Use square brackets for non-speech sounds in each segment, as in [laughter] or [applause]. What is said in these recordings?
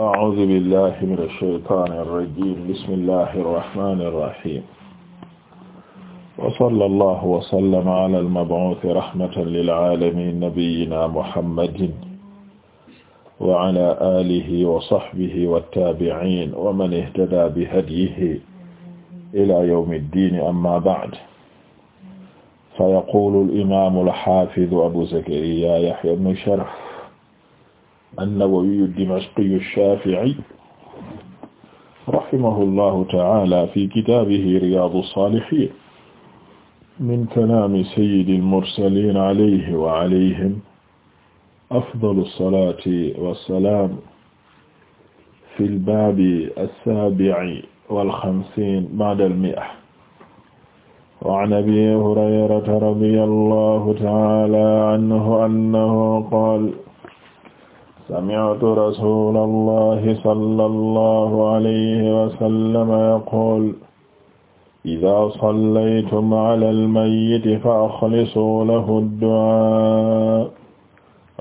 أعوذ بالله من الشيطان الرجيم بسم الله الرحمن الرحيم وصلى الله وسلم على المبعوث رحمة للعالمين نبينا محمد وعلى آله وصحبه والتابعين ومن اهتدى بهديه إلى يوم الدين أما بعد فيقول الإمام الحافظ أبو زكريا يحيى بن شرف an-Nawawi ad-Dimashqi ash-Shafi'i rahimahullahu ta'ala fi kitaabihi Riyaadu as-Saalihiin min kalaami sayyidil mursaliin alayhi wa alayhim afdalu as-salaati was-salaam fil baabi as-saabi'i wal xamsiin ba'da al-mi'a وعن أبي هريرة رضي الله تعالى عنه أنه قال sami'tu rasulallahi sallallahu alayhi wa sallam yaqul idaa sallaytum alal mayyiti fa axlisuu lahu du'aa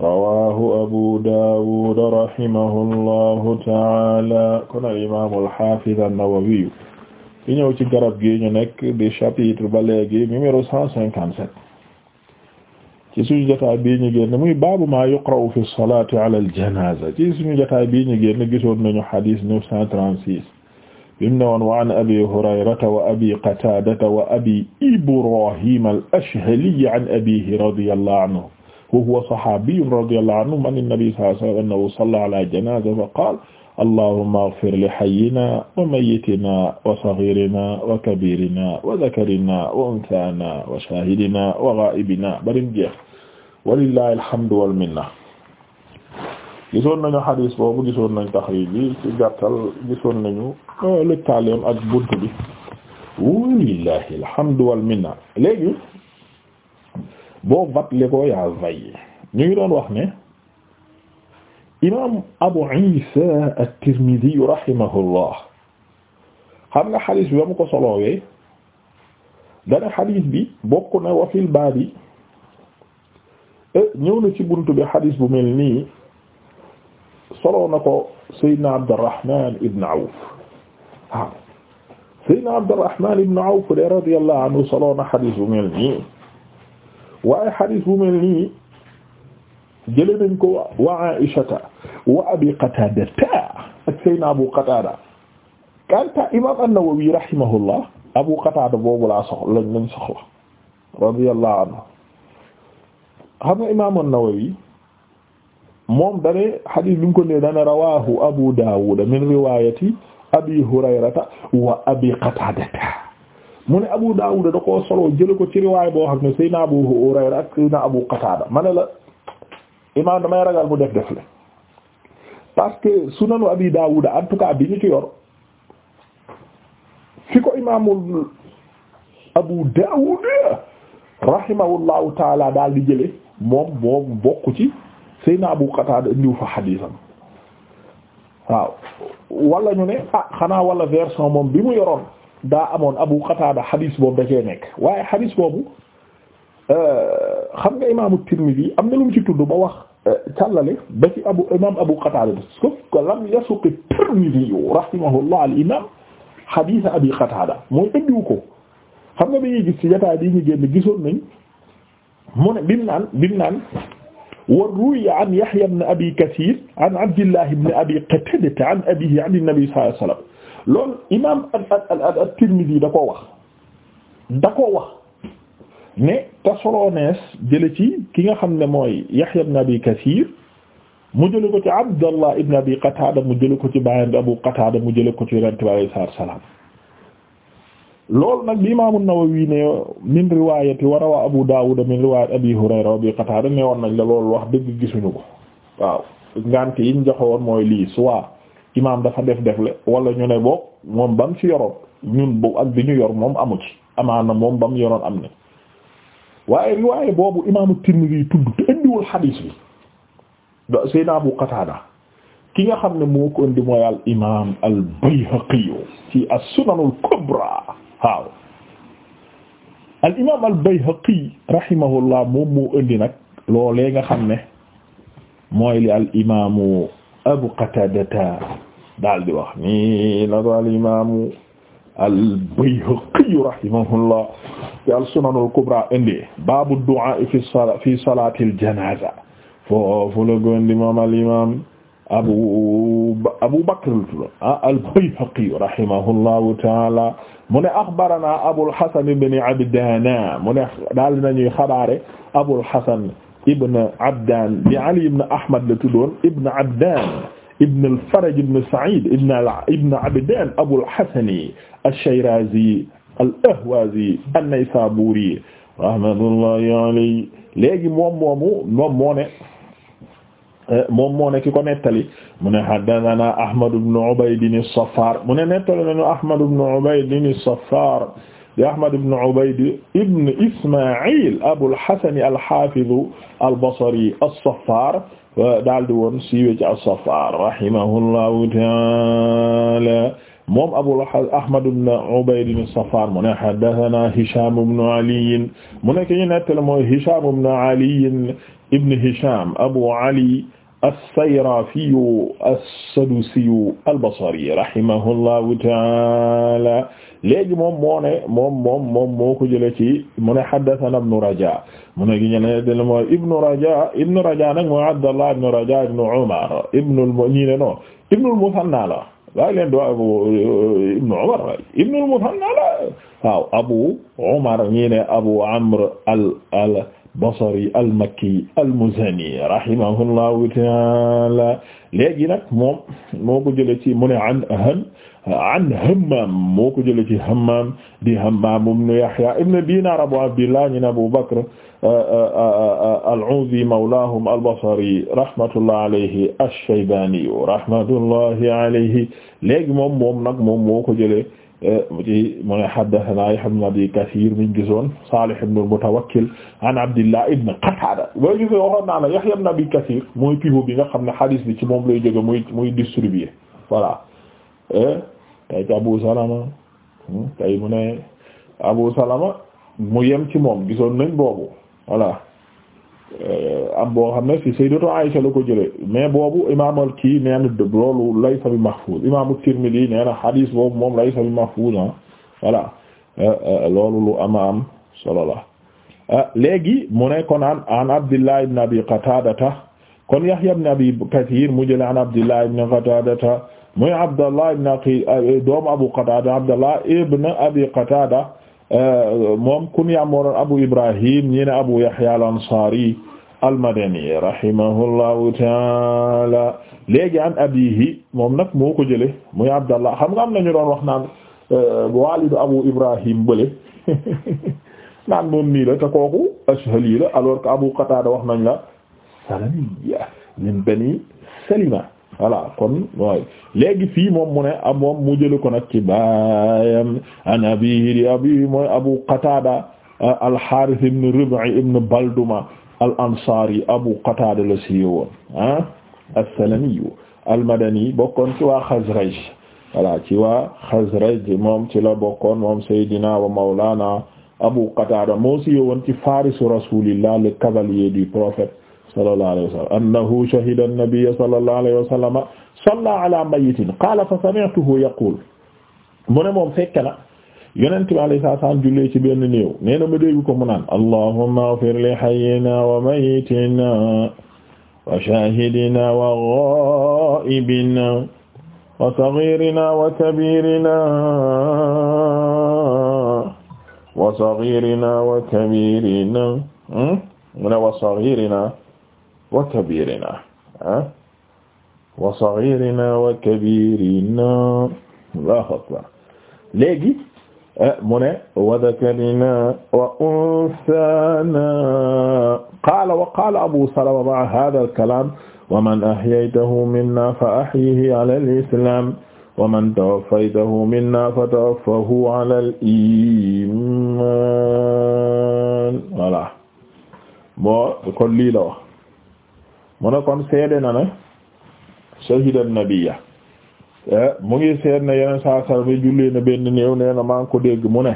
rawaahu abu daawud rahimahullahu ta'aala kon al-imaam al-haafiz an-nawawi ñëw ci garab gi ñu nekk di chapitre ba léegi numéro 157 ci suñu jotaay bii ñu génn muy baabu ma yuqra'u fi salaati ala al-janaaza ci suñu jotaay bii ñu génn gisoon nañu xadiis 936 bim ne woon wa an abi hurayrata wa abi qataadata wa abi ibraahiim al-ashhali an abiihi radiyallahu anhu wa huwa saxaabiyyun radiyallahu anhu an an-nabi sallallahu alayhi wa sallam annahu salla ala janaazata fa qaala allahumma ighfir li hayyina wa mayyitina wa saghirina wa kabirina wa dhakarina wa unthana wa shahidina wa ghaibina barim jeex walillahi alhamdu wal minna gisoon nañu xadis boobu gisoon nañu taxrij bi ci gàttal gisoon nañu euh, lëkkaaleem ak bunt bi walillahi alhamdu wal minna léegi boo vatle ko yaa vay ñu ngi doon wax ne imaam Abu Isa at-Tirmidhi rahimahullah xadis bi ba mu bokk na wa fil baab yi e, ñëw ci bunt bi xadis bu mel nii soloo na ko Seydina Abdurrahman Awf waaw ah, Seydina Abdurrahman ibn Awf de radiyallahu anhu soloo na xadis bu mel nii waaye xadis bu mel nii jële nañ ko wa Aishata wa Abi Qatada ak Seydina Abu Qatada kanta imam an-Nawawi rahimahullah Abu Qatada boobu laa soxla lañ anhu xam nga imam an-Nawawi moom dane hadith bi mu ko ne dane rawahu Abu Dawud min riwayati Abi Hurayrata wa Abi Qatada mu ne Abu Dawud da koo solo jële ko ci riwaay boo xam ne Abu Hurayra ak Abu Qatada imaam damay ragal mu def def le parce que sunanu abi daawud en tout cas bi ñu ci yor fi ko imaamul abu daawud rahimahullahu taala daal di jële moom moom bokk ci sayna abu qatada ndiw fa xadiisam waaw walla ñu ne ah xanaa wala version moom bi mu yoroon daa amoon abu qatada xadiis boobu da cee nekk waaye xadiis boobu xam nga imaamu am na lu ci tudd ba wax euh, càllale ba ci abu imaam Abu Qatada sauf que lam yasuq Tirmidhi rahimahullah al imaam hadith Abi Qatada mooy ëndiwu ko xam nga bi ñuy gis ci jotaay bi gisoon nañ mu ne bim naan bim naan wa ruwiya an Yahya ibn Abi Kathir an Abdillah ibn Abi Qatada an abihi an an-nabi sallallahu alayhi imaam at at at at Tirmidhi da wax da wax. ne te soloonees jële ci ki nga xam ne mooy Yahya ibn Abi Kathir mu jële ko ci Abdallah ibn Abi Qatada mu jële ko ci baayam bi Abu mu jële ko ci Yonent bi alayhi salaatu wa salaam loolu nag bi Imaam An-Nawawi ne min riwaayati wa rawaa Abu Daawud min riwaayati Abi Hurayra wa Abi Qatada ne woon nañ la loolu wax dëgg gisuñu ko waaw ngante yi ñu woon mooy lii soit imaam dafa def def le wala ñu ne boog moom bam ci yoroon ñun bu ak bi ñu yor moom amu ci amaana moom bam yoroon am na waaye riwaaye boobu imaamu Tirmidhi tudd te indiwul xadiis bi da Seydina Abu Qatada ki nga xam ne moo ko indi mooy al imaam al Bayhaqi ci as-Sunanul Kubra waaw nga xam ne mooy li al imaamu Abu Qatadata daal di wax nii la ko al al-Bayhaqi rahimahullah fi al-Sunan al-Kubra indi baabu du'a fi sala fi salaatil janaaza foofu la gondi moom al-imaam Abu Abu Bakr ah, al-Bayhaqi rahimahullahu ta'ala mu ne axbaranaa Abul Hasan ibn Abdaana mu ne daal nañuy xabaare Abul Hasan ibn Abdaan bi Ali ibn Ahmad la tuddoon ibn Abdaan ibn al-Faraj ibn Sa'id ibn ibn Abdan Abu al-Hasani ash-Shirazi al-Ahwazi an-Naysaburi rahmatullahi alayhi léegi moom moomu moom moo ne eh, moom moo ne ki ko nettali mu ne haddathana Ahmad ibn Ubayd as-Saffar mu ne nettali nañu Ahmad ibn Ubayd as-Saffar di Ahmad ibn Ubayd ibn Isma'il Abu al-Hasan al-Hafiz al-Basri as-Saffar daal di woon siiwee ci as-Saffar rahimahullahu ta'ala moom Abu Ahmad ibn Ubayd as-Saffar mu ne haddathana Hisham ibn Ali mu nekk ñu nettali mooy Hisham ibn Ali ibn Hisham Abu Ali as-Sayrafiyu as-Sadusiyu al-Basri rahimahullahu ta'ala léegi moom moo ne moom moom moom moo ko jëlee ci mu ne haddathana Ibn Raja mu ne gi ñu ne de mooy Ibn Raja Ibn Raja nag mooy Abdallah Ibn Raja Ibn Umar Ibn ñii ne non Ibn al-Muthanna la waaye leen doon Ibn Umar waaye Ibn al-Muthanna la waaw Abu Umar ñii ne Abu Amr al al. basari almakki almuzani rahimahullahu taala léegi nag moom moo ko jëlee ci mu ne an an an hammam moo ko jëlee ci hammam di hammam ibnu yahya ibnu dinar abu abdillah ibnu abu bakr al-uzi mawlahum al-basri rahmatullah alayhi ash-shaybani rahmatullahi alayhi léegi moom moom nag moom moo ko jëlee ci mu ne haddathana Yahya ibn Abi Kathir min gisoon Salih ibn al-Mutawakkil an Abdillah ibn Qatada boo gisee waxoon la Yahya ibn Abi Kathir mooy bi nga xam ne hadith bi ci moom lay jóge muy muy distribuer voilà eh, tey ci Abu Salama hmm, mu ne Abu Salama mu yem ci moom gisoon nañ boobu voilà Euh, am boo xam ne ci sayyidatu Aisha la ko mais boobu imaamal kii nee na loolu laysa bi mahfuz imaamu Tirmidhi nee na xadiis boobu moom laysa bi mahfuz ah euh, euh, loolu lu ama am solo la léegi mu ne kon an an Abdullah ibn Qatadata kon Yahya ibn Abi Kathir mu jële an Abdullah ibn Qatadata muy Abdullah ibn Abu Qatada Euh, moom kunyaam moo doon Abu Ibrahim ñi ne Abu Yahya al-Ansari al-Madani rahimahullahu taala léegi an abihi moom nag moo ko jële muy Abdallah xam nga am nañu doon wax naan euh, walidu Abu Ibrahim bële [laughs] naan moom nii la te kooku ashhali la alors que Abu Qatada wax nañ la salamiya min bani Salima voilà kon léegi fii moom mu ne mu jëlu ko nag ci baayam an mooy abu qatada al-harith ibn rib'i ibn balduma al-ansari abu qatada la siiwe woon ah al-madani bokkoon ci waa khazraj voilà ci waa khazraj moom ci la bokkoon moom saydina wa mawlana abu qatada moo siiwe woon ci farisu rasulillah le cavalier du prophète sallallahu alayhi wa sallam annahu shahida an-nabiyya sallallahu alayhi wa sallam salla ala mayitin qaala fa sami'tuhu yaqul mu ne moom fekk na yonent bi alayhi salaam jullee ci benn néew nee na ma dégg ko mu naan allahumma ighfir li hayyina wa mayitina wa shahidina wa ghaibina wa saghirina wa kabirina wa saghirina wa kabirina hmm? mu ne wa saghirina wa kabiirinaa ah wa sagiirinaa wa kabiirinaa Allahu akbar léegi eh, mu ne wa dakarinaa wa unsaanaa qaala wa qaala Abu Salama ma'a haadhal kalaam wa man ahyaytahu minnaa fa ahyihi alal islaam wa man tawaffaytahu minnaa fa tawaffahu alal iimaan voilà bon kon lii la wax mu ne kon seede na ne shahida nabiyya eh, mu ngi seede na yeneen saa saa bi na benn néew nee na maa ngi ko dégg mu ne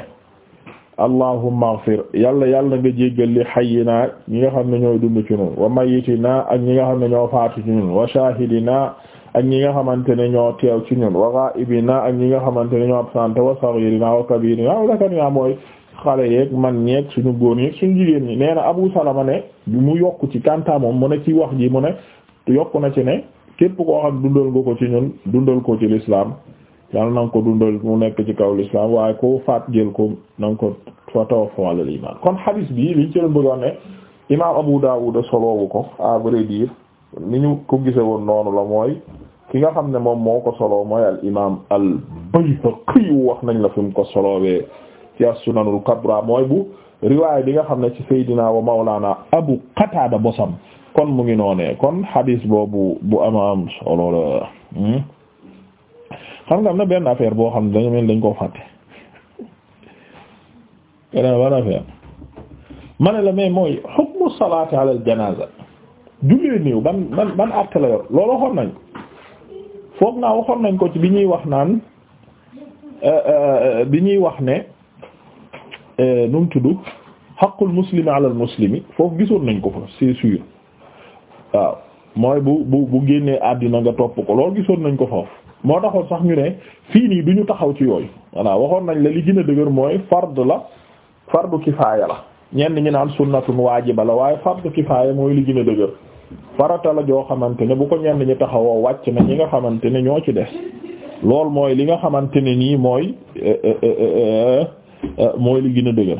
allahumma ighfir yàlla yàlla nga jéggal li hayyina ñi nga xam ne ñooy dund ci ñun wa mayyitina ak ñi nga xam ne ñoo faatu ci ñun wa shahidina ak ñi nga xamante ne ñoo teew ci ñun wa na ak ñi nga xamante ne ñoo absent wa saghirina wa kabirina wa zakarina mooy xale yeeg man ñeeg suñu góor ñeeg suñu jigéen ñi nee na Abu Salama ne mu yokk ci kanta moom mu ne ci wax ji mu ne yokk na ci ne képp koo xam dundal nga ko ci ñun dundal ko ci l'islam yàlla na nga ko dundal mu nekk ci kaw l'islam waaye koo faat jël ko na nga ko fa tawaffaa alal iman kon hadis bi liñ ci doon bëggoon ne imam Abu Dawud soloowu ko à vrai ni ñu ko gise woon noonu la mooy ki nga xam ne moom moo ko soloo mooy al imam al Bayhaqi wax nañ la fi mu ko solowee ci as-sunanul kubra mooy bu riwaay bi nga xam ne ci Seydina wa Mawlana Abu Qatada bosam kon mu ngi noonee kon hadis boobu bu ama am solo la hmm? xam nga am na benn affaire boo xam ne dañu dañ koo fàtte keneen ban affaire la mais mooy hukmu salaati ala al janaza jullee néew ban ban ban àtte loolu waxoon nañ foog naa waxoon nañ ko ci bi ñuy wax naan euh, euh, bi ñuy wax ne Euh, nu mu tudd xaqul muslimi alal muslimi foofu gisoon nañ ko fa c'est sûr waaw mooy bu bu bu génnee àddina nga topp ko loolu gisoon nañ ko foofu moo taxoon sax ñu ne fii nii du ñu taxaw ci yooyu voilà waxoon nañ la li gën a dëgër mooy fard la fardu kifaaya la ñenn ñi naan sunnatun waajiba la waaye fardu kifaaya mooy li gën a dëgër farata la joo xamante ne bu ko ñeen ñi taxawoo wàcc na ñi nga xamante ne ñoo ci des loolu mooy li nga xamante ne nii mooy euh, euh, Euh, mooy li gën a dëgër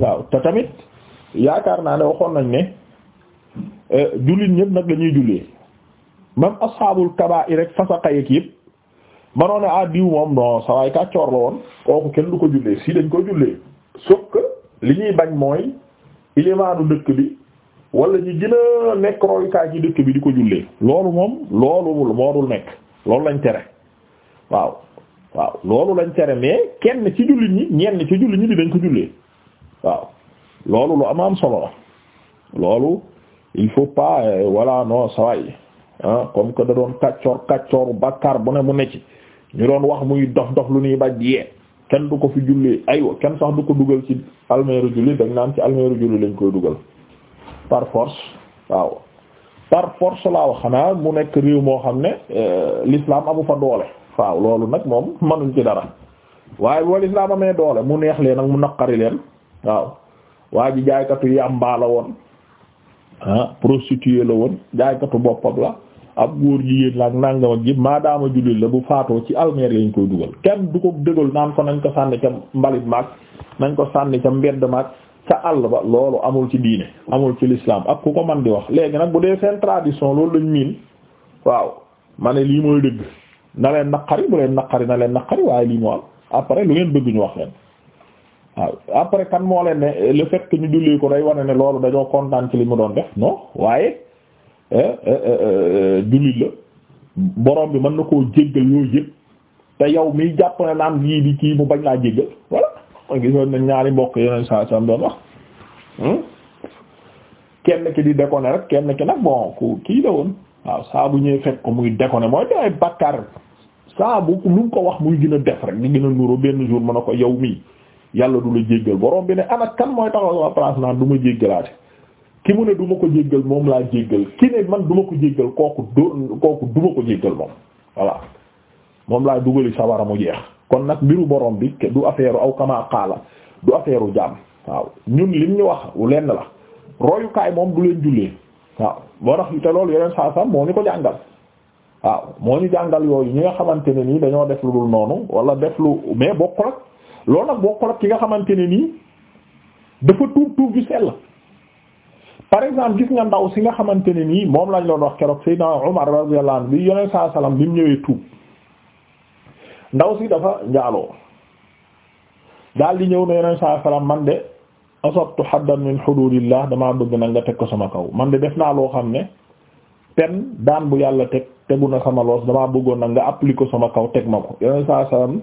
waaw te tamit yaakaar naa ne waxoon nañ ne euh, jullit ñëpp nag lañuy ñuy jullee même asxaabul kabaa'ir rek fasaqa yeeg yëpp manoon na ah moom non sa waay kàccoor la woon kooku kenn du ko jullee si dañ ko jullee sauf li ñuy bañ mooy ilimaanu dëkk bi wala ñi gën a nekk royukaay ci dëkk bi di ko jullee loolu moom loolu moo dul nekk lool lañ tere waaw waaw loolu lañ tere mais kenn ci jullit ñi ñenn ci jullit ñi di ko jullee waaw loolu lu am am solo la loolu il faut pas walla no saway ah comme que da doon kàccoor kàccooru bàkkaar bu ne mu ne ci ñu doon wax muy dof dof lu ñuy baj yee kenn du ko fi jullee aywa kenn sax du ko dugal ci almeeru julli dañ naan ci almeeru julli lañ koy dugal par force waaw par force laa wax xanaa mu nekk réew moo xam ne euh, l'islam amu fa doole waaw loolu nag moom manuñ ci dara waaye bu lislaam amee doole mu neex leen ak mu naqari leen waaw waa ji jaaykatu yàmbaa la woon ah prostituée la woon jaaykatu boppam la ab góor jigéen la ak nangam ak yëpp maadaama jullit la bu faatoo ci almeer yañ koy dugal kenn du ko dëgal naan ko nañ ko sànni ca mbalit maag nañ ko sànni ca mbedd maag ca àll ba loolu amul ci diine amul ci l'islam ak ku ko man di wax léegi nag bu dee seen tradition loolu lañ miin waaw ma na leen naqari bu leen naqari na leen naqari waaye lii moo am après lu ngeen bëgg ñu wax leen waaw après kan moo leen ne le fait ñu julli ko day wane ne loolu dañoo kontaan ci li mu doon def non waaye eh, eh, eh, jullit la boroom bi mën na koo jéggal yooyu yëpp te yow miy jàpp ne naan yii di kii mu bañ laa jéggal voilà gisoon nañ ñaari mbokk yeneen sa sam doon wax hmm? kenn ki di déconner rek kenn ki nag bon kii la waaw saabu bu ñëwee fekk ko muy déconné mooy day bakkar saa bu lu mu ko wax muy gën a def rek di gën a nuroo benn jour mën a ko yow mii yàlla du la jéggal borom bi ne ana kan mooy taxaw sa place naan du ma jéggalaate ki mu ne duma ko jéggal moom laa jéggal ki ne man duma ko jéggal kooku du kooku duma ma ko jéggal moom voilà moom laa dugali a mu jeex kon nag mbiru borom bi du affaire aw kama xaala du affaire u jaam waaw ñun lim ñu wax lenn la royukaay moom du leen waaw boo tax te loolu yeneen saa sam moo ñu ko jàngal waaw moo ñu jàngal yooyu ñi nga xamante ne nii dañoo def lu dul noonu wala def lu mais bokkul ak loolu nag bokkul ak ki nga xamante ne nii dafa tuub tuub bi sell par exemple gis nga ndaw si nga xamante ne nii moom lañ doon wax keroog Seydina Umar radiyallahu bi yeneen saa salaam bi mu ñëwee tuub ndaw si dafa njaaloo daal di ñëw ne yeneen saa salaam man de. asabtu haddan min hududillah damaa bëgg nag nga teg ko sama kaw man de def naa loo xam ne pen daan bu yàlla teg tegu na sama loos damaa bëggoon nag nga appliquer ko sama kaw teg ma ko yeneen saa salaam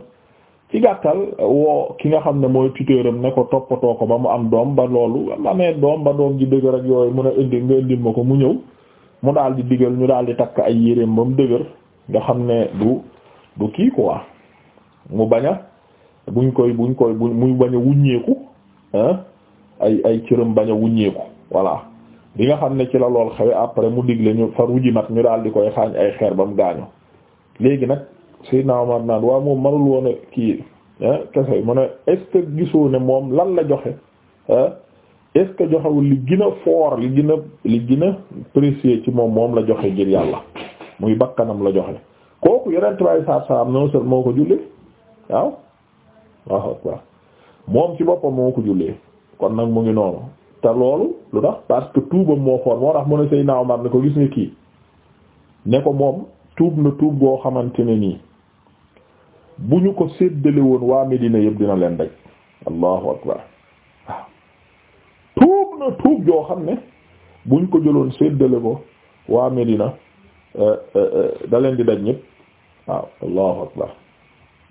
ci gàttal woo ki nga xam ne mooy tuteuram ne ko toppatoo ko ba mu am doom ba loolu amee doom ba doom ji dëgër ak yooyu mun a indi nga indil ma ko mu ñëw mu daal di digal ñu daal di takk ay yéreem ba mu dëgër nga xam ne du du kii quoi mu bañ a buñ koy buñ koy muy bañ a wuññeeku ah ay ay cëram bañ a wuññeeku voilà bi nga xam ne ci la lool xewe après mu digle ñu fa ruji mat ñu daal di koy xaañ ay xeer ba mu gaañu léegi nag Seydina Omar naan waa moom manul woon a kii kese mu ne est ce gisoo ne moom lan la joxe est ce que joxewul li gën a fort li gën a li ci moom moom la joxe ngir yàlla muy bakkanam la joxe kooku yeneen tubaab yi saa am non seulement ko jullee waaw waaw waaw moom ci boppam moo ko jullee. kon nag mu ngi noonu te loolu lu tax parce que tuubam moo xool moo tax mu ne Seydina Omar ne ko gis nga kii ne ko moom tuub na tuub boo xamante ne nii bu ñu ko séddale woon waa Medina yëpp dina leen daj allahu akbar waaw tuub na tuub joo xam ne buñ ko jëloon séddale ko waa Medina euh, euh, euh, da leen di daj ñëpp waaw allahu akbar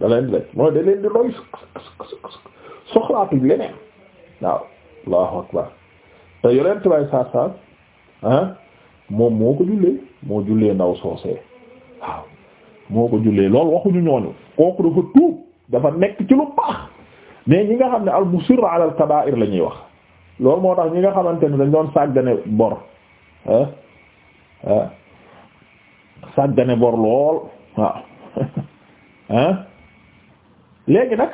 da di daj mooy da di doy soxlaatuñ leneen waaw allahu akbar te yonent bay saar saar ah moom moo ko jullee moo jullee ndaw soosee waaw moo ko jullee loolu waxuñu ñooñu kooku dafa tuub dafa nekk ci lu baax mais ñi nga xam ne al musir ala al kaba'ir la ñuy wax loolu moo tax ñi nga xamante ni dañ doon sàggane bor ah ah sàggane bor lool waaw [laughs] ah léegi nag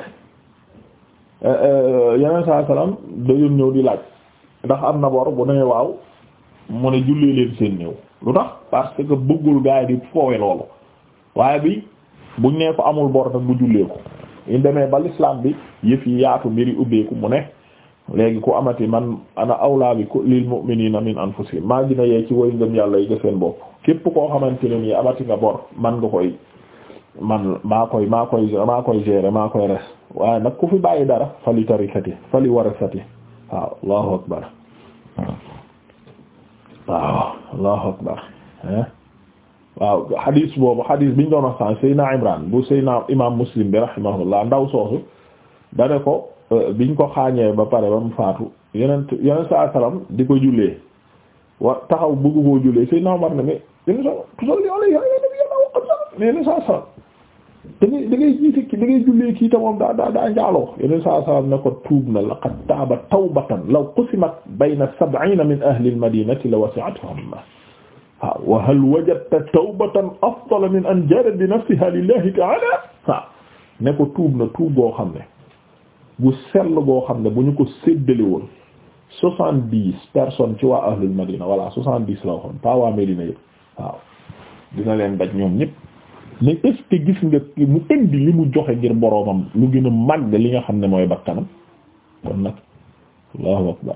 yeneen saa salaam dañu ñëw di laaj ndax am na bor bu nee waaw mu ne jullee leen seen néew lu tax parce que bëggul gaay di foowe loolu waaye bi buñ nee ko amul bor nag bu jullee ko ñu ba l'islam bi yëf yi yaatu mbiri ubbeeku mu ne léegi ku amati man ana awlaa bi ku lil mu'minina min anfusihim maa na yee ci way yàlla yi nga seen bopp képp koo xamante ne nii amati nga bor man nga koy man maa koy maa koy maa maa koy res waaye nag ku fi bàyyi dara fali tarikati fali warasati waaw allahu akbar waaw eh? waaw xadiis boobu xadiis biñ doon wax sànq Seyna Imran bu Seyna imaam Muslim bi rahimahullah ndaw soosu dane ko eh, biñ ko xaañee ba pare ba mu faatu yeneen yeneen saa salaam di ko jullee wa taxaw bëggu koo jullee Seyna Umar ne mais yeneen saa tuuti yow la yow la da ngay da ngay jiite ki da ngay jullee kii te moom daa daa daa njaaloo yeneen saa salaam ne ko tuub na laqad taaba tawbatan law qusimat bayna sab'ina min ahli al-madinati la wasi'atuhum waaw wa hal wajadta tawbatan afdala min an jarat bi nafsiha lillahi ta'ala waaw ne ko tuub na tuub boo xam ne bu sell boo xam ne bu ñu ko séddale woon soixante dix personnes ci waa ahlul madina voilà soixante dix la waxoon pas waa Medina yëpp waaw dina leen daj ñoom ñëpp ne est gis nga mu indi li mu joxe ngir boroomam lu gën a màgg li nga xam ne mooy bakkanam kon nag allahu akbar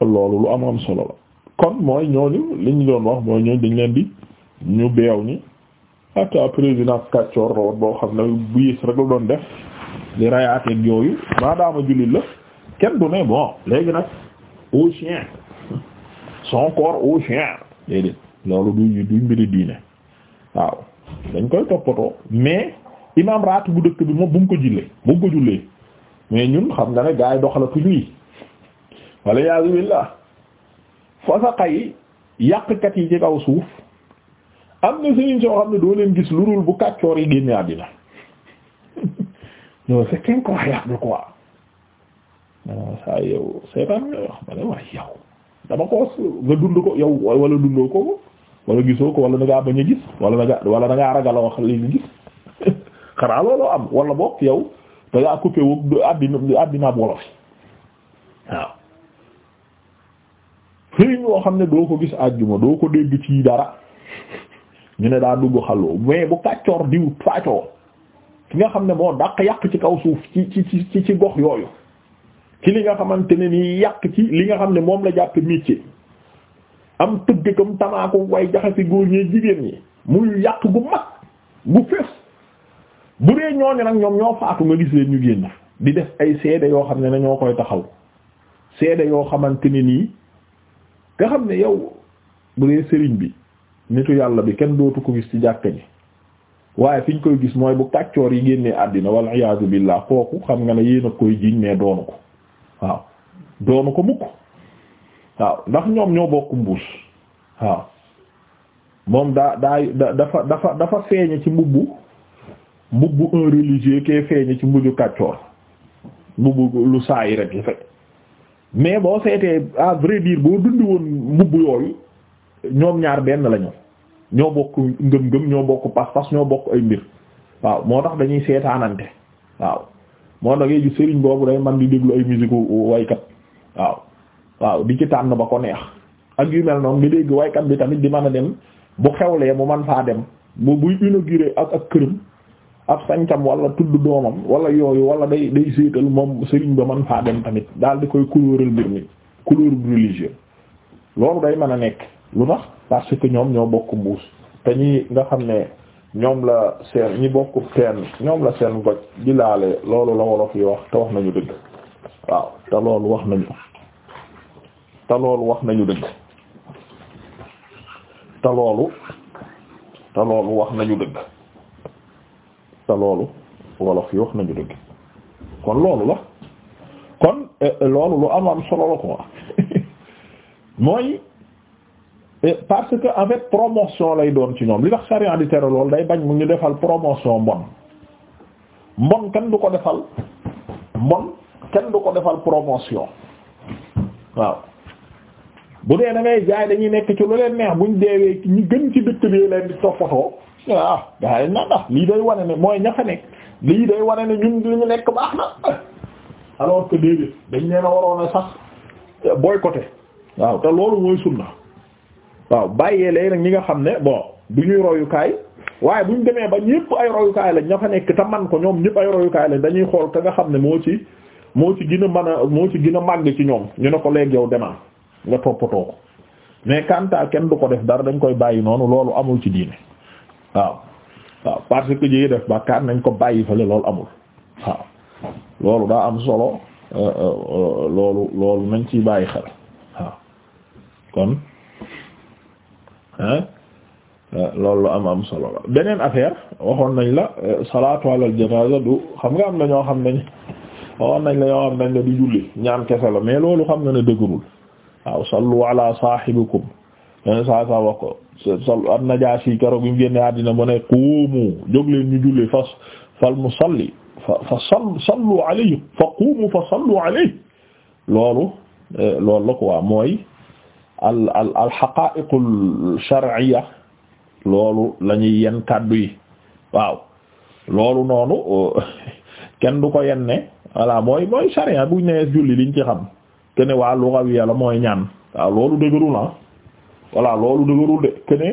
loolu lu am am solo la kon mooy ñooñu li ñu doon wax mooy ñooñu dañ leen di ñu beew ñi ata président kaccoor la boo xam ne bu yées rek la doon def li rayaateeg yooyu maadaama jullit la kenn du ne bon léegi nag au chien son corps au chien loolu du duñ mbiri diine waaw dañ koy toppatoo mais imam raatu bu dëkk bi moom bu mu ko jullee bu mu ko jullee mais ñun xam nga ne gaa yi doxalatuñ lii wala yaasu billah fasaqa yi yàqkat yi ci kaw suuf am na sëriñ soo xam ne doo leen gis lu dul bu kàccoor yi génne àddina [laughs] non c'est incroyable quoi saa yow seetaan nga wax ne waaye yow dama ko nga dund ko yow wala dundoo ko wala gisoo ko wala da ngaa bañ a gis wala da ragal a wax li gis [laughs] xanaa looloo am wala boog yow da ngaa coupé wu addina addina ab wolof waaw fii ñoo xam ne doo ko gis àjjuma doo ko dégg ci dara [laughs] ñu ne daa dugg xaloo mais bu kàccoor diw faacoo ki nga xam ne moo daq yàq ci kaw suuf ci ci ci ci gox yooyu ci li nga xamante ne yàq ci li nga xam ne moom la jàppe métier am tëggkam tamaaku way jaxasi góor ñee jigéen ñi muy yàq gu mag gu fees bu dee ñooñu nag ñoom ñoo faatu nga gis leen ñu génn di def ay seede yoo xam ne na ñoo koy taxaw seede yoo xamante ni nii nga xam ne yow bu dee sëriñ bi nitu yàlla bi kenn dootu ko gis ci jàkka ji waaye fi ñu koy gis mooy bu kàccoor yi génnee àddina wal iyaadu billah kooku xam nga ne yéen a koy jiñ mais doonu ko waaw doonu ko mukk waaw ndax ñoom ñoo bokk mbuus waaw moom daa daa dafa dafa dafa feeñe ci mbubbu mbubb un religieux kee feeñe ci mbuju kàccoor mbubbu lu saayi rek yi fekk mais boo seetee à vrai dire boo dundi woon mbubbu yooyu ñoom ñaar benn lañu ñoo bokk ngëm-ngëm ñoo bokk pas-pas ñoo bokk ay mbir waaw moo tax dañuy seetaanante waaw moo tax ngay sëriñ boobu day man di déglu ay musique waykat waaw di ci tànn ba ko neex ak yu mel noonu nga dégg waykat bi tamit di mën a dem bu xewlee mu man faa dem bu buy inauguré ak ak këram ab sancam wala tudd doomam wala yooyu wala day day séetal moom sëriñ ba man faa dem tamit daal di koy couleural mbir mi couleur religieux loolu day mën a nekk lu tax parce que ñoom ñoo bokk mbuus te ñi nga xam ne ñoom la seen ñi bokk teen ñoom la seen goj di laale loolu la wolof yi wax te wax nañu dëgg waaw te loolu wax nañu te loolu wax nañu dëgg te loolu te loolu wax nañu dëgg te loolu wolof yi wax nañu dëgg kon loolu la kon eh, eh, loolu lu am solo la quoi [laughs] mooy eh, parce que en fait promotion lay doon ci ñoom li tax charia di tere loolu day bañ mu ñu defal promotion mbon mbon kenn du ko defal mbon kenn du ko defal promotion waaw bu dee da ngay jaay dañuy nekk ci lu leen neex buñ deewee ñi gën ci dëkk bi leen di toppatoo ah gaa yi naan ah lii day wane ne mooy ña fa nekk lii day wane ne ñun li ñu nekk baax na alors que déedéet dañ leen a waroon a sax boycotté waaw te loolu mooy sunna waaw bàyyee lay nag ñi nga xam ne bon du ñuy royukaay waaye buñ demee ba ñëpp ay royukaay lañ ña fa nekk te man ko ñoom ñëpp ay royukaay la dañuy xool te nga xam ne moo ci moo ci gën a mën a màgg ci ñoom ñu ne ko léegi yow demal nga toppatoo ko mais kanta kenn du ko def dara dañ koy bàyyi noonu loolu amul ci diine waaw waaw parce que jigi def bàkkaar nañ ko bàyyi fale loolu amul waaw loolu daa am solo euh, euh, euh, loolu loolu nañ ci bàyyi xel waaw kon loolu am am solo la beneen affaire waxoon nañ la salaatu alal janaza du xam nga am na ñoo xam nañ waxoon nañ la ñoo xam nañ la du julli ñaan kese la mais loolu xam nga ne dëggul waaw sallu ala saahibikum yeneen saa saa wax ko sallu an-Najaashi keroog mu génne àddina mu ne quumu jóg leen julli fas fal fa fa sallu sallu alayhi fa quumu fa eh, mooy al al al haqaa'iqul shar'iyya loolu la ñuy waaw loolu noonu [laughs] kenn du ko yen ne voilà mooy mooy sharia buñ nee julli liñ ci kene waa lugawiya la mooy ñaan waaw loolu dëgërul ah voilà loolu dëgërul de kene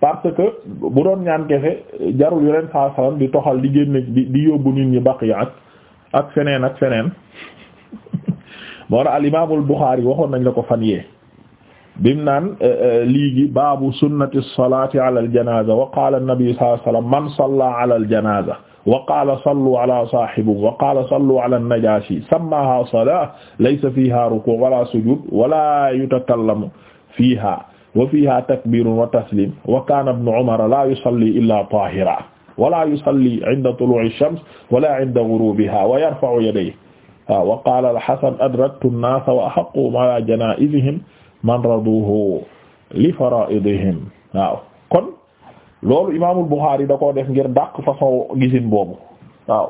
parce que bu doon ñaan kese jarul yu leen saa salaam di toxal di génne di di yóbbu nit ñi baq yi ak ak feneen ak feneen [laughs] moo tax al imaamul waxoon nañ la ko fan yee bim naan eh, eh, léegi baabu sunnati salaati ala al janaza wa qaala an-nabi sallallahu alayhi wa man salla ala al janaza wa qaala sallu ala saahibikum wa qaala sallu ala najaashi sammaaha salaa laysa fiiha rukuu' wala sujuud wala yutakallamu fiiha wa fiiha takbiirun wa tasliim wa kaana ibnu umara laa yusalli illaa taahiran wala yusalli 'inda tuluu'i shams wala 'inda ghuruubihaa wa yarfa'u yadayhi wa qaala al-hasan adraktu an-naasa wa ahaqqu ala janaa'izihim man raduuhu li faraa'idihim waaw kon loolu imaamul Buxaari da koo def ngir dàq façon gisin boobu waaw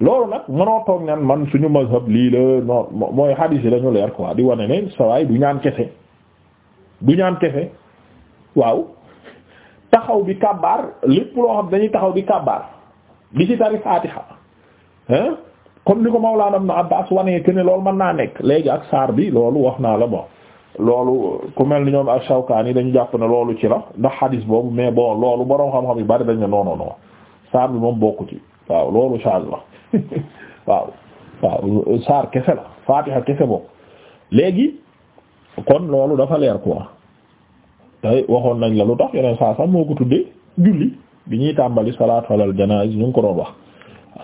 loolu nag mënoo toog nan man suñu mazhab lii la non mooy hadith yi dañu leer ko di wane ne sawaay du ñaan kese du ñaan kese waaw taxaw bi kàbbaar lépp loo xam dañuy taxaw bi kàbbaar di ci tari hein comme ni ko Mawlaana Ibn Abbaas wanee que ne loolu mën naa nekk léegi ak saar bi loolu wax naa la boo loolu ku mel ni ñoom sawkaan yi dañu jàpp na loolu ci la ndax xadis boobu mais bon loolu boroom xam-xam yu bari dañ ne non non non saar bi moom bokku ci waaw loolu change la [laughs] waaw waaw saar kese la Fatiha kese bokk léegi kon loolu dafa leer quoi tey waxoon nañ la lu tax yeneen saa sax moo ko tuddee julli bi ñuy tàmbali salaatu alal janaa'iz ñu ko doon wax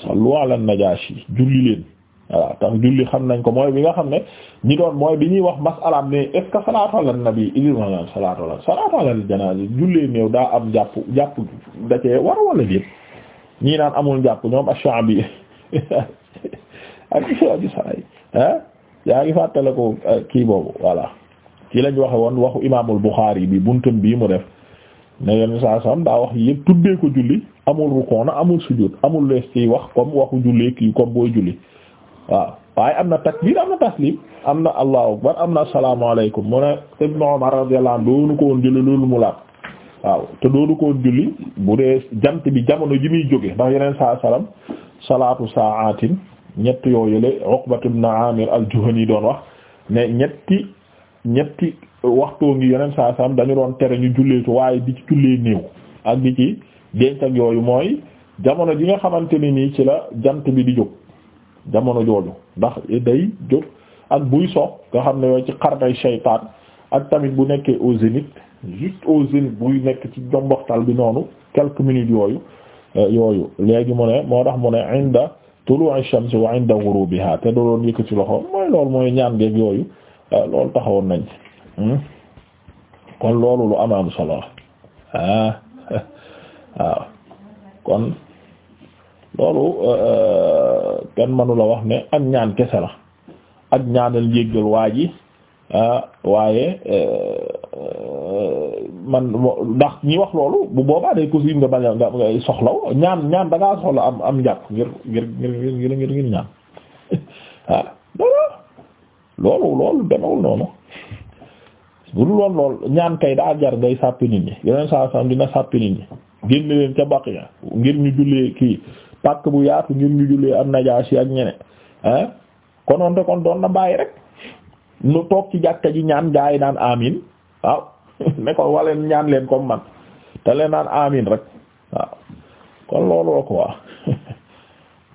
sallu ala najaashi julli leen. voilà tax julli xam nañ ko mooy bi nga xam ne ñi doon mooy bi ñuy wax masalaam ne est ce que salaatu ala nabi ilimala salaatu ala salaatu ala janaaz jullee néew daa am jàpp jàpp da war wala lépp ñii naan amul jàpp ñoom ash-Sha'bi ah yaa ngi fàttale ko euh, kii boobu voilà kii lañ waxe woon waxu imaamul Buxaari bi buntum bii mu def ne yenn saa sam daa wax yëpp tuddee ko julli amul rukoona amul sujud amul lees ciy wax comme waxu jullee kii comme booy julli waaw waaye am na takbir am na taslim am na allahu akbar am na assalaamu alaykum mu ne Ibn Umar radiyallahu doonu ko woon julli lu mu laat waaw te doonu ko woon julli bu dee jant bi jamono ji muy jóge ndax yeneen saa salaam salaatu saatin ñett yooyu la Uqbat ibn Amir al-Juhani doon wax ne ñetti ñetti waxtoo ngi yeneen saa salaam dañu doon tere ñu julleetu waaye di ci jullee néew ak di ci denc yooyu mooy jamono ji nga xamante ne nii ci la jant bi di jóg jamono jooju ndax day jóg ak buy so nga xam ne yooyu ci xarnay shaytaan ak tamit bu nekkee au zénith juste buy nekk ci jomboxtal bi noonu quelques minutes yooyu euh, yooyu léegi mu ne moo tax mu ne inda tulu'i shams wa inda ghurubiha te doon yëkk ci loxo mooy loolu mooy ñaan geeg yooyu euh, loolu taxawoon nañ hmm? kon loolu lu amaam solo ah [laughs] waaw kon loolu euh, euh, kenn mënu wax ne ak ñaan kese la ak ñaanal njéggal waa ji ah, waaye euh, man ndax ñi wax loolu bu boobaa day possible nga bañ nga soxlaw ñaan ñaan da soxla am am njàpp ngir ngir ngir ngir ngir ngir ñaan waaw [laughs] ah, loolu loolu demewul noonu bu dul woon lool ñaan kay daa jar ngay sàppi nit ñi yeneen saa saam dina sàppi ñi génn leen ca baqiya ngir ñu jullee kii pàkk bu yaatu ngir ñu jullee am Najaashi ak ñene ah konoon te kon doon na bàyyi rek lu toog ci jàkka ji ñaan gaa naan amin waaw [laughs] ne ko waleen ñaan leen kom man te leen naan amin rek waaw kon loolu la quoi [laughs]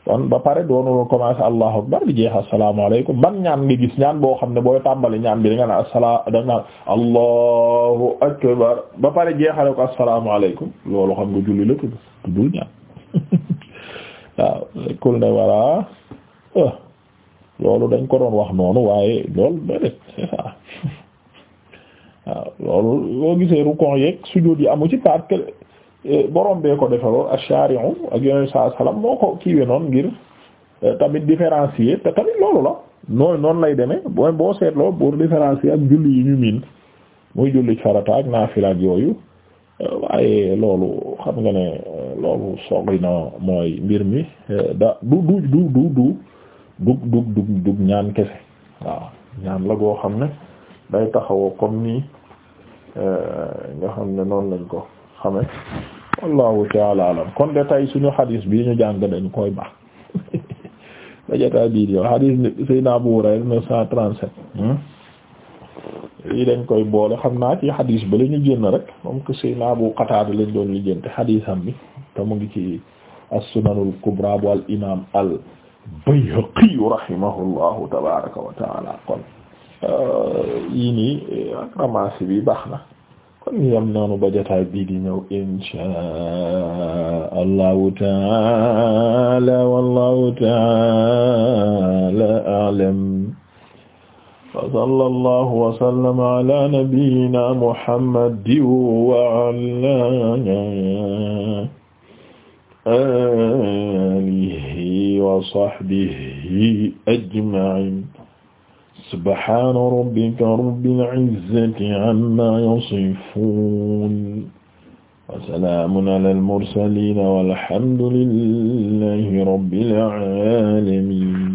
kon ba pare doonul commencé allahu akbar di jeex asalaamaaleykum ban ñaan nga gis ñaan boo xam ne booy tàmbali ñaan bi da nga naan asalaam da nga naan allahu akbar ba pare jeexale ko asalaamaaleykum loolu xam nga julli la tudd tuddul ñaan [laughs] waaw nekkul ne voilà eh, loolu dañ ko doon wax noonu waaye loolu déedéet c'est ça [laughs] waaw loolu boo gisee rukon yeeg sujjóot yi amu ci parce que eh, borom bee ko defaloon ash-shari'u ak yeneen saa salaam moo ko kiiwee noonu ngir eh, tamit différencier te tamit loolu la nooy noonu lay deme booy boo seetloo pour différencier ak julli yi ñu miin muy julli farata ak naafila ak yooyu waaye loolu xam nga ne. loolu soxla na mooy mbir mi eh, da du du du du du dug dug ñaan kese waaw ñaan la goo xam ne day taxawoo comme nii eh, nga xam ne noonu lañ ko xame wallahu ta'ala alam kon de tay suñu xadis bii ñu jàng dañ koy baax [laughs] ba jotaay bii di yow xadis Seydina Abu Hurayra 937 yi dañ koy boole xam naa ci xadiis ba la ñu génn rek moom que Seydina Abu Qataada lañ doon lijjanti xadiisam bi te mu ngi ci as-Sunanul Kubra bu al al Bayhaqi rahimahullahu tabaaraka taala kon euh, yii ak ramasi bi baax na kon ñu noonu ba bii di ñëw inshaa taala wallahu taala a'lam wa sallallahu wa sallama ala nabiyyina muhammadin wa ala alihi wa sahbihi ajma'in subhana rabbika rabbil izzati amma yasifun wa salaamun alal mursaliin walhamdu lillahi rabbil aalamiin